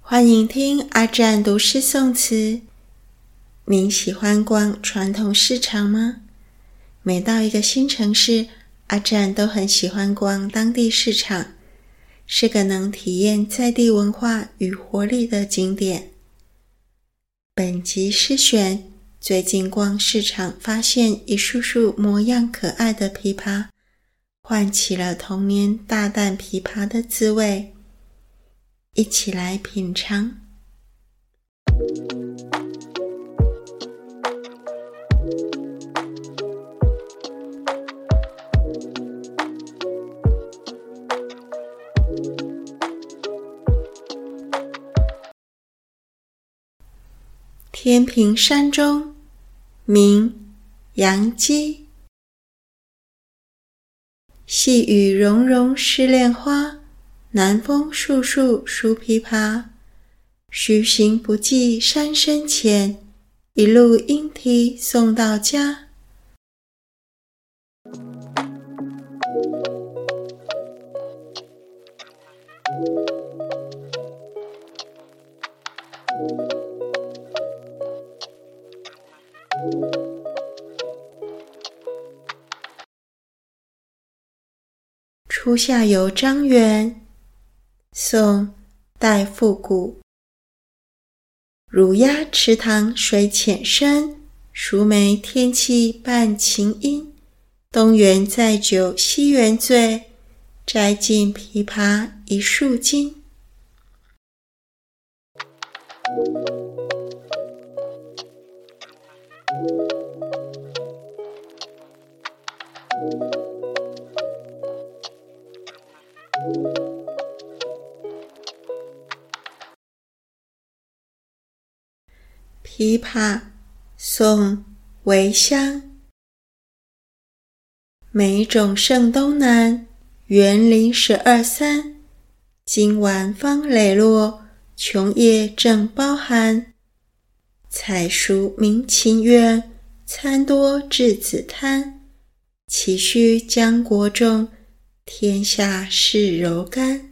歡迎聽阿占讀詩誦詞。您喜歡逛傳統市場嗎？每到一個新城市，阿占都很喜歡逛當地市場，是個能體驗在地文化與活力的景點。本集詩選。最近逛市場，發現一束束模樣可愛的枇杷，喚起了童年大啖枇杷的滋味。一起來品嘗。天平山中。明楊基，細雨茸茸溼楝花，南風樹樹熟枇杷。徐行不記山深淺，一路鶯啼送到家。初夏遊張園，宋·戴復古。乳鴨池塘水淺深，熟梅天氣半晴陰。東園載酒西園醉，摘盡枇杷一樹金。《枇杷》宋·韋驤。美種盛東南，園林十二三。金丸方磊落，瓊液正包含。采熟鳴禽怨，餐多稚子貪。豈須江國重，天下嗜柔甘。